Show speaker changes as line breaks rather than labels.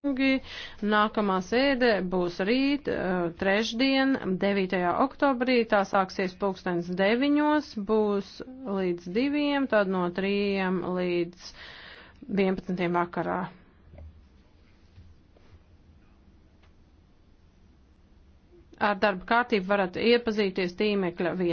kungi, nākamā sēde būs rīt, eh, trešdien, 9. oktobrī, tā sāksies pulkstens 9. būs līdz 2, tad no 3 līdz 11. vakarā. Ar darba kārtību varat
iepazīties tīmekļa vietā.